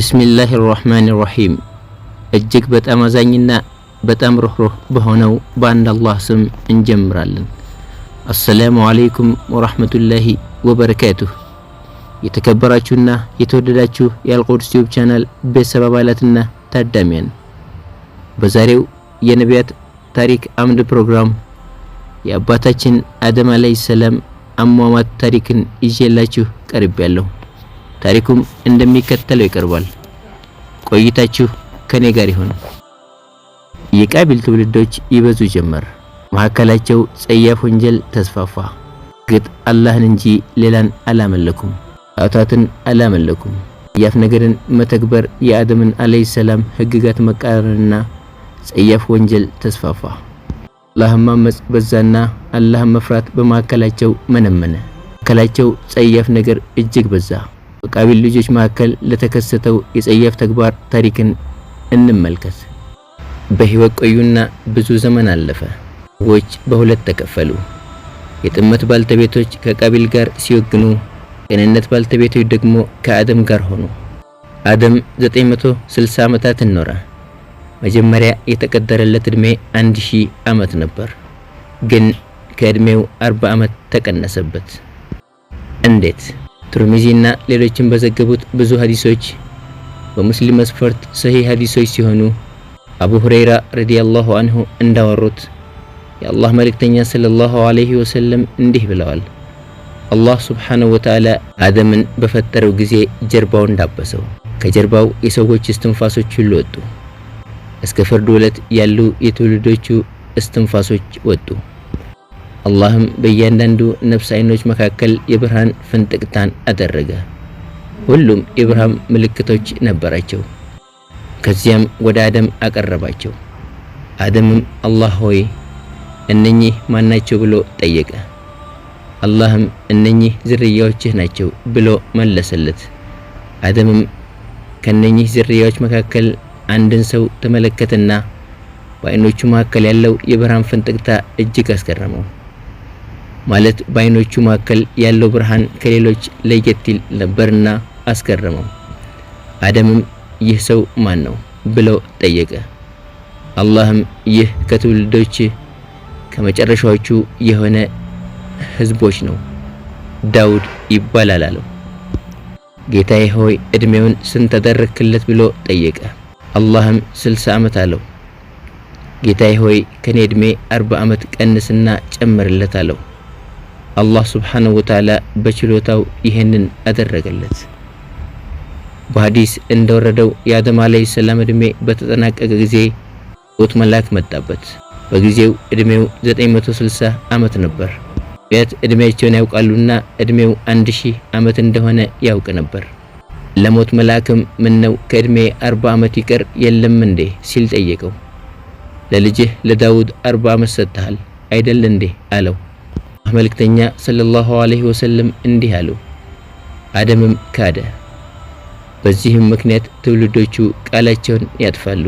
ብስሚላህ ራህማን ራሂም እጅግ በጣም አዛኝና በጣም ሩህሩህ በሆነው በአንድ አላህ ስም እንጀምራለን። አሰላሙ አለይኩም ወራህመቱላሂ ወበረካቱሁ። የተከበራችሁና የተወደዳችሁ የአልቁድስ ዩቲዩብ ቻናል ቤተሰብ አባላትና ታዳሚያን በዛሬው የነቢያት ታሪክ አምድ ፕሮግራም የአባታችን አደም አለይሂ ሰላም አሟሟት ታሪክን ይዤላችሁ ቀርቤያለሁ። ታሪኩም እንደሚከተለው ይቀርባል። ቆይታችሁ ከኔ ጋር ይሁን። የቃቢል ትውልዶች ይበዙ ጀመር። መካከላቸው ጸያፍ ወንጀል ተስፋፋ። ግጥ አላህን እንጂ ሌላን አላመለኩም፣ ጣዖታትን አላመለኩም። ጸያፍ ነገርን መተግበር የአደምን አለይ ሰላም ህግጋት መቃረንና ጸያፍ ወንጀል ተስፋፋ። አላህን ማመጽ በዛና አላህን መፍራት በመካከላቸው መነመነ። መካከላቸው ጸያፍ ነገር እጅግ በዛ። በቃቢል ልጆች መካከል ለተከሰተው የጸያፍ ተግባር ታሪክን እንመልከት። በህይወት ቆዩና ብዙ ዘመን አለፈ። ሰዎች በሁለት ተከፈሉ። የጥመት ባልተቤቶች ከቃቢል ጋር ሲወግኑ፣ የቅንነት ባልተቤቶች ደግሞ ከአደም ጋር ሆኑ። አደም 960 ዓመታት ኖረ። መጀመሪያ የተቀደረለት ዕድሜ 1000 ዓመት ነበር፣ ግን ከዕድሜው 40 ዓመት ተቀነሰበት። እንዴት? ትርሚዚና ሌሎችም በዘገቡት ብዙ ሀዲሶች በሙስሊም መስፈርት ሰሂህ ሀዲሶች ሲሆኑ አቡ ሁረይራ ረዲያላሁ አንሁ እንዳወሩት የአላህ መልእክተኛ ሰለላሁ ዐለይሂ ወሰለም እንዲህ ብለዋል። አላህ ሱብሓነሁ ወተዓላ አደምን በፈጠረው ጊዜ ጀርባውን ዳበሰው፣ ከጀርባው የሰዎች እስትንፋሶች ሁሉ ወጡ። እስከ ፍርድ ዕለት ያሉ የትውልዶቹ እስትንፋሶች ወጡ። አላህም በእያንዳንዱ ነፍስ አይኖች መካከል የብርሃን ፍንጥቅታን አደረገ። ሁሉም የብርሃን ምልክቶች ነበራቸው። ከዚያም ወደ አደም አቀረባቸው። አደምም አላህ ሆይ እነኚህ ማናቸው ብሎ ጠየቀ። አላህም እነኚህ ዝርያዎችህ ናቸው ብሎ መለሰለት። አደምም ከነኚህ ዝርያዎች መካከል አንድን ሰው ተመለከተና በአይኖቹ መካከል ያለው የብርሃን ፍንጥቅታ እጅግ አስገረመው። ማለት በአይኖቹ መካከል ያለው ብርሃን ከሌሎች ለየት ይል ነበርና አስገረመው። አደምም ይህ ሰው ማን ነው ብለው ጠየቀ። አላህም ይህ ከትውልዶች ከመጨረሻዎቹ የሆነ ህዝቦች ነው፣ ዳውድ ይባላል አለው። ጌታዬ ሆይ እድሜውን ስንት ተደረክለት ብሎ ጠየቀ። አላህም ስልሳ ዓመት አለው። ጌታዬ ሆይ ከኔ እድሜ አርባ ዓመት ቀንስና ጨምርለት አለው። አላህ ስብሓንሁ ወተዓላ በችሎታው ይህንን አደረገለት። በሀዲስ እንደወረደው የአደም ዓለይሂ ሰላም ዕድሜ በተጠናቀቀ ጊዜ ሞት መልአክ መጣበት። በጊዜው ዕድሜው 960 ዓመት ነበር። ቢያት ዕድሜያቸውን ያውቃሉና ዕድሜው 1000 ዓመት እንደሆነ ያውቅ ነበር። ለሞት መልአክም ምን ከዕድሜ 40 ዓመት ይቀር የለም እንዴ ሲል ጠየቀው። ለልጅህ ለዳውድ 40 ዓመት ሰጥተሃል አይደል እንዴ አለው። መልእክተኛ ሰለላሁ ዐለይሂ ወሰለም እንዲህ አሉ። አደምም ካደ። በዚህም ምክንያት ትውልዶቹ ቃላቸውን ያጥፋሉ።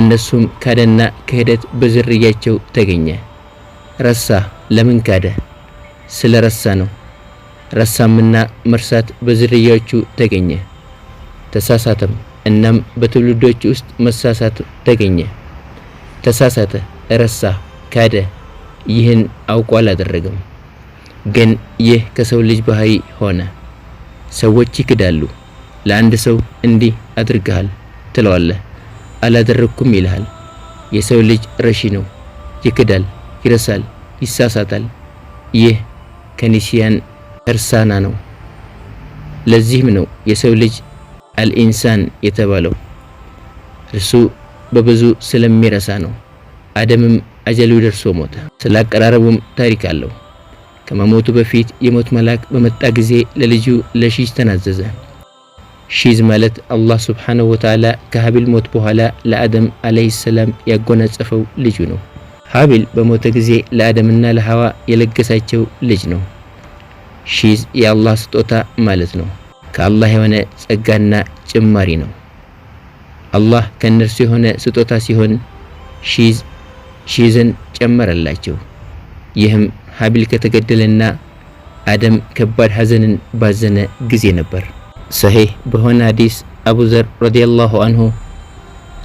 እነሱም ካደና ክህደት በዝርያቸው ተገኘ። ረሳ። ለምን ካደ? ስለ ረሳ ነው። ረሳምና መርሳት በዝርያዎቹ ተገኘ። ተሳሳተም። እናም በትውልዶቹ ውስጥ መሳሳት ተገኘ። ተሳሳተ፣ ረሳ፣ ካደ። ይህን አውቆ አላደረገም። ግን ይህ ከሰው ልጅ ባህሪ ሆነ። ሰዎች ይክዳሉ። ለአንድ ሰው እንዲህ አድርገሃል ትለዋለህ፣ አላደረግኩም ይልሃል። የሰው ልጅ ረሺ ነው። ይክዳል፣ ይረሳል፣ ይሳሳታል። ይህ ከኒሲያን እርሳና ነው። ለዚህም ነው የሰው ልጅ አልኢንሳን የተባለው እርሱ በብዙ ስለሚረሳ ነው። አደምም አጀሉ ደርሶ ሞተ። ስለ አቀራረቡም ታሪክ አለው። ከመሞቱ በፊት የሞት መልአክ በመጣ ጊዜ ለልጁ ለሺዝ ተናዘዘ። ሺዝ ማለት አላህ ሱብሓነሁ ወተዓላ ከሀቢል ሞት በኋላ ለአደም አለይሂ ሰላም ያጎናጸፈው ልጁ ነው። ሀቢል በሞተ ጊዜ ለአደምና ለሐዋ የለገሳቸው ልጅ ነው። ሺዝ የአላህ ስጦታ ማለት ነው። ከአላህ የሆነ ጸጋና ጭማሪ ነው። አላህ ከእነርሱ የሆነ ስጦታ ሲሆን ሺዝ ሺዝን ጨመረላቸው። ይህም ሀቢል ከተገደለና አደም ከባድ ሐዘንን ባዘነ ጊዜ ነበር። ሰሒህ በሆነ ሐዲስ አቡ ዘር ረዲየላሁ አንሁ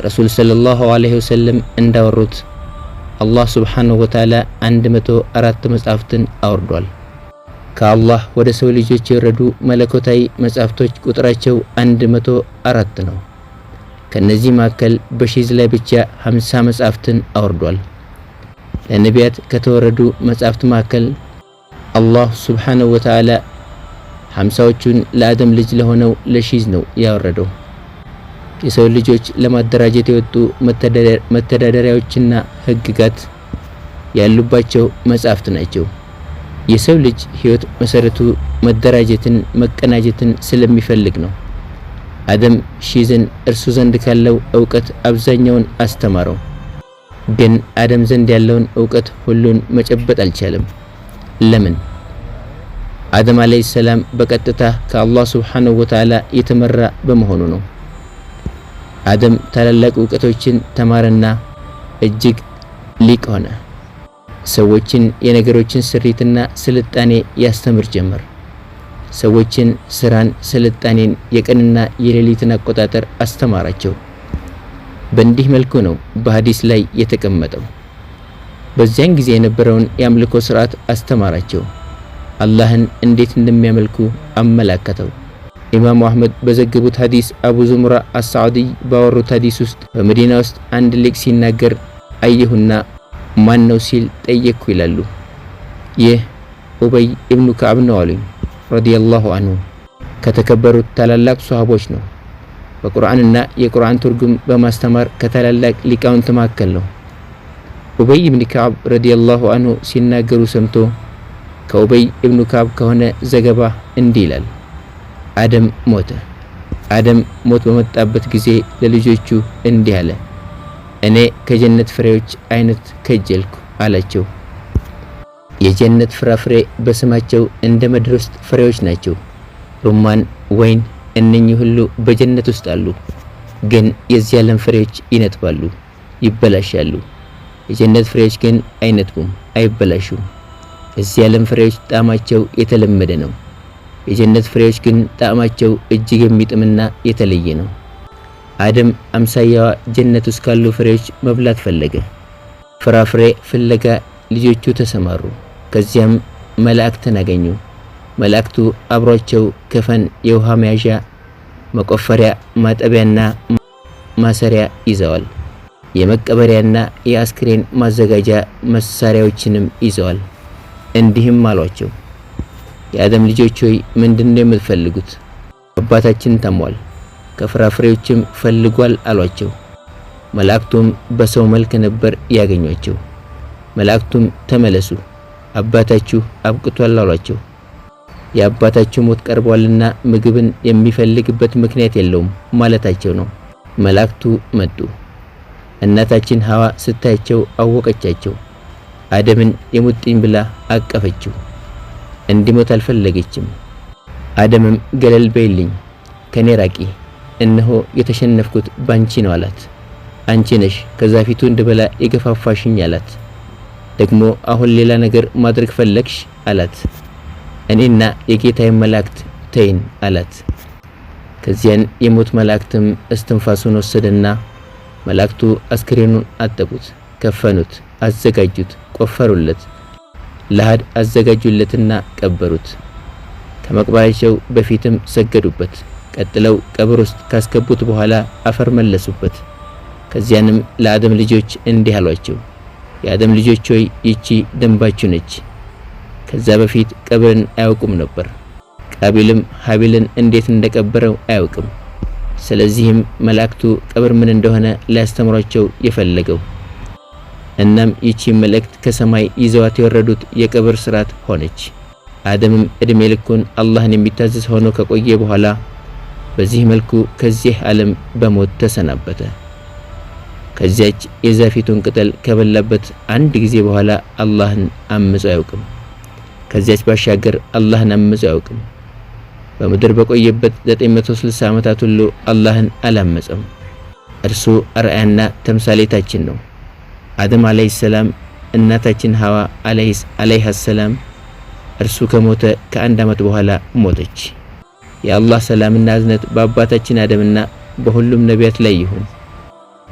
ረሱል ሰለላሁ ዐለይሂ ወሰለም እንዳወሩት አላህ ሱብሓነሁ ወተዓላ አራት መጻሕፍትን አውርዷል። ከአላህ ወደ ሰው ልጆች የወረዱ መለኮታዊ መጻሕፍቶች ቁጥራቸው አራት ነው። ከእነዚህ መካከል በሺዝ ላይ ብቻ ሀምሳ መጻሕፍትን አውርዷል። ለነቢያት ከተወረዱ መጻሕፍት መካከል አላህ ሱብሓነሁ ወተዓላ ሐምሳዎቹን ለአደም ልጅ ለሆነው ለሺዝ ነው ያወረደው። የሰው ልጆች ለማደራጀት የወጡ መተዳደሪያዎችና ሕግጋት ያሉባቸው መጻሕፍት ናቸው። የሰው ልጅ ሕይወት መሰረቱ መደራጀትን፣ መቀናጀትን ስለሚፈልግ ነው። አደም ሺዝን እርሱ ዘንድ ካለው እውቀት አብዛኛውን አስተማረው። ግን አደም ዘንድ ያለውን እውቀት ሁሉን መጨበጥ አልቻለም። ለምን? አደም አለይሂ ሰላም በቀጥታ ከአላህ ሱብሓነሁ ወተዓላ የተመራ በመሆኑ ነው። አደም ታላላቅ እውቀቶችን ተማረና እጅግ ሊቅ ሆነ። ሰዎችን የነገሮችን ስሪትና ስልጣኔ ያስተምር ጀመር። ሰዎችን ስራን፣ ስልጣኔን፣ የቀንና የሌሊትን አቆጣጠር አስተማራቸው። በእንዲህ መልኩ ነው በሐዲስ ላይ የተቀመጠው። በዚያን ጊዜ የነበረውን የአምልኮ ስርዓት አስተማራቸው። አላህን እንዴት እንደሚያመልኩ አመላከተው። ኢማሙ አህመድ በዘገቡት ሐዲስ አቡ ዙሙራ አሳዕዲይ ባወሩት ሐዲስ ውስጥ በመዲና ውስጥ አንድ ሊቅ ሲናገር አየሁና ማን ነው ሲል ጠየቅኩ ይላሉ። ይህ ኡበይ ኢብኑ ከዓብ ነው አሉኝ፣ ረዲየላሁ አንሁ ከተከበሩት ታላላቅ ሶሃቦች ነው። በቁርአንና የቁርአን ትርጉም በማስተማር ከታላላቅ ሊቃውንት መካከል ነው። ኡበይ ኢብኑ ከዓብ ረዲየላሁ አንሁ ሲናገሩ ሰምቶ ከኡበይ ኢብኑ ከዓብ ከሆነ ዘገባ እንዲህ ይላል። አደም ሞተ። አደም ሞት በመጣበት ጊዜ ለልጆቹ እንዲህ አለ፣ እኔ ከጀነት ፍሬዎች አይነት ከጀልኩ አላቸው። የጀነት ፍራፍሬ በስማቸው እንደ መድረስት ፍሬዎች ናቸው። ሩማን፣ ወይን እነኚህ ሁሉ በጀነት ውስጥ አሉ። ግን የዚህ ዓለም ፍሬዎች ይነጥባሉ፣ ይበላሻሉ። የጀነት ፍሬዎች ግን አይነጥቡም፣ አይበላሹም። የዚህ ዓለም ፍሬዎች ጣዕማቸው የተለመደ ነው። የጀነት ፍሬዎች ግን ጣዕማቸው እጅግ የሚጥምና የተለየ ነው። አደም አምሳያዋ ጀነት ውስጥ ካሉ ፍሬዎች መብላት ፈለገ። ፍራፍሬ ፍለጋ ልጆቹ ተሰማሩ። ከዚያም መላእክትን አገኙ። መላእክቱ አብሯቸው ከፈን፣ የውሃ መያዣ፣ መቆፈሪያ፣ ማጠቢያና ማሰሪያ ይዘዋል። የመቀበሪያና የአስክሬን ማዘጋጃ መሳሪያዎችንም ይዘዋል። እንዲህም አሏቸው፣ የአደም ልጆች ሆይ ምንድነው የምትፈልጉት? አባታችን ተሟል፣ ከፍራፍሬዎችም ፈልጓል አሏቸው። መላእክቱም በሰው መልክ ነበር ያገኟቸው። መላእክቱም ተመለሱ፣ አባታችሁ አብቅቷል አሏቸው። የአባታቸው ሞት ቀርቧልና ምግብን የሚፈልግበት ምክንያት የለውም ማለታቸው ነው። መላእክቱ መጡ። እናታችን ሐዋ ስታያቸው አወቀቻቸው። አደምን የሙጥኝ ብላ አቀፈችው። እንዲሞት አልፈለገችም። አደምም ገለል በይልኝ፣ ከኔ ራቂ፣ እነሆ የተሸነፍኩት ባንቺ ነው አላት። አንቺ ነሽ ከዛፊቱ እንድበላ የገፋፋሽኝ አላት። ደግሞ አሁን ሌላ ነገር ማድረግ ፈለግሽ አላት። እኔና የጌታዬን መላእክት ተይን አላት። ከዚያን የሞት መላእክትም እስትንፋሱን ወሰደና መላእክቱ አስክሬኑን አጠቡት፣ ከፈኑት፣ አዘጋጁት፣ ቆፈሩለት፣ ለአህድ አዘጋጁለትና ቀበሩት። ከመቅበራቸው በፊትም ሰገዱበት። ቀጥለው ቀብር ውስጥ ካስገቡት በኋላ አፈር መለሱበት። ከዚያንም ለአደም ልጆች እንዲህ አሏቸው፣ የአደም ልጆች ሆይ ይቺ ደንባችሁ ነች። ከዚያ በፊት ቀብርን አያውቁም ነበር። ቃቢልም ሀቢልን እንዴት እንደቀበረው አያውቅም። ስለዚህም መላእክቱ ቀብር ምን እንደሆነ ሊያስተምሯቸው የፈለገው። እናም ይቺ መልእክት ከሰማይ ይዘዋት የወረዱት የቀብር ስርዓት ሆነች። አደምም እድሜ ልኩን አላህን የሚታዘዝ ሆኖ ከቆየ በኋላ በዚህ መልኩ ከዚህ ዓለም በሞት ተሰናበተ። ከዚያች የዛፊቱን ቅጠል ከበላበት አንድ ጊዜ በኋላ አላህን አምጾ አያውቅም። ከዚያች ባሻገር አላህን አምጾ አያውቅም። በምድር በቆየበት 960 ዓመታት ሁሉ አላህን አላመፀም። እርሱ አርአያና ተምሳሌታችን ነው። አደም አለይሂ ሰላም፣ እናታችን ሐዋ አለይሃ ሰላም እርሱ ከሞተ ከአንድ ዓመት በኋላ ሞተች። የአላህ ሰላምና እዝነት በአባታችን አደምና በሁሉም ነቢያት ላይ ይሁን።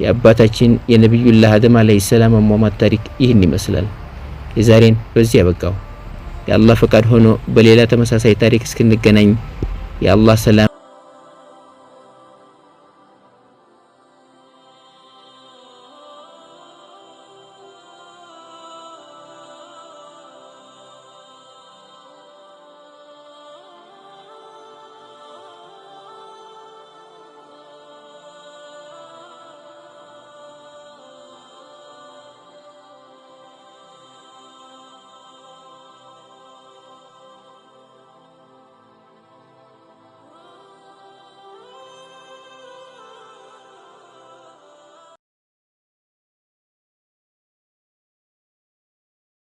የአባታችን የነቢዩላህ አደም አለይሂ ሰላም አሟሟት ታሪክ ይህን ይመስላል። የዛሬን በዚህ ያበቃው። የአላህ ፈቃድ ሆኖ በሌላ ተመሳሳይ ታሪክ እስክንገናኝ የአላህ ሰላም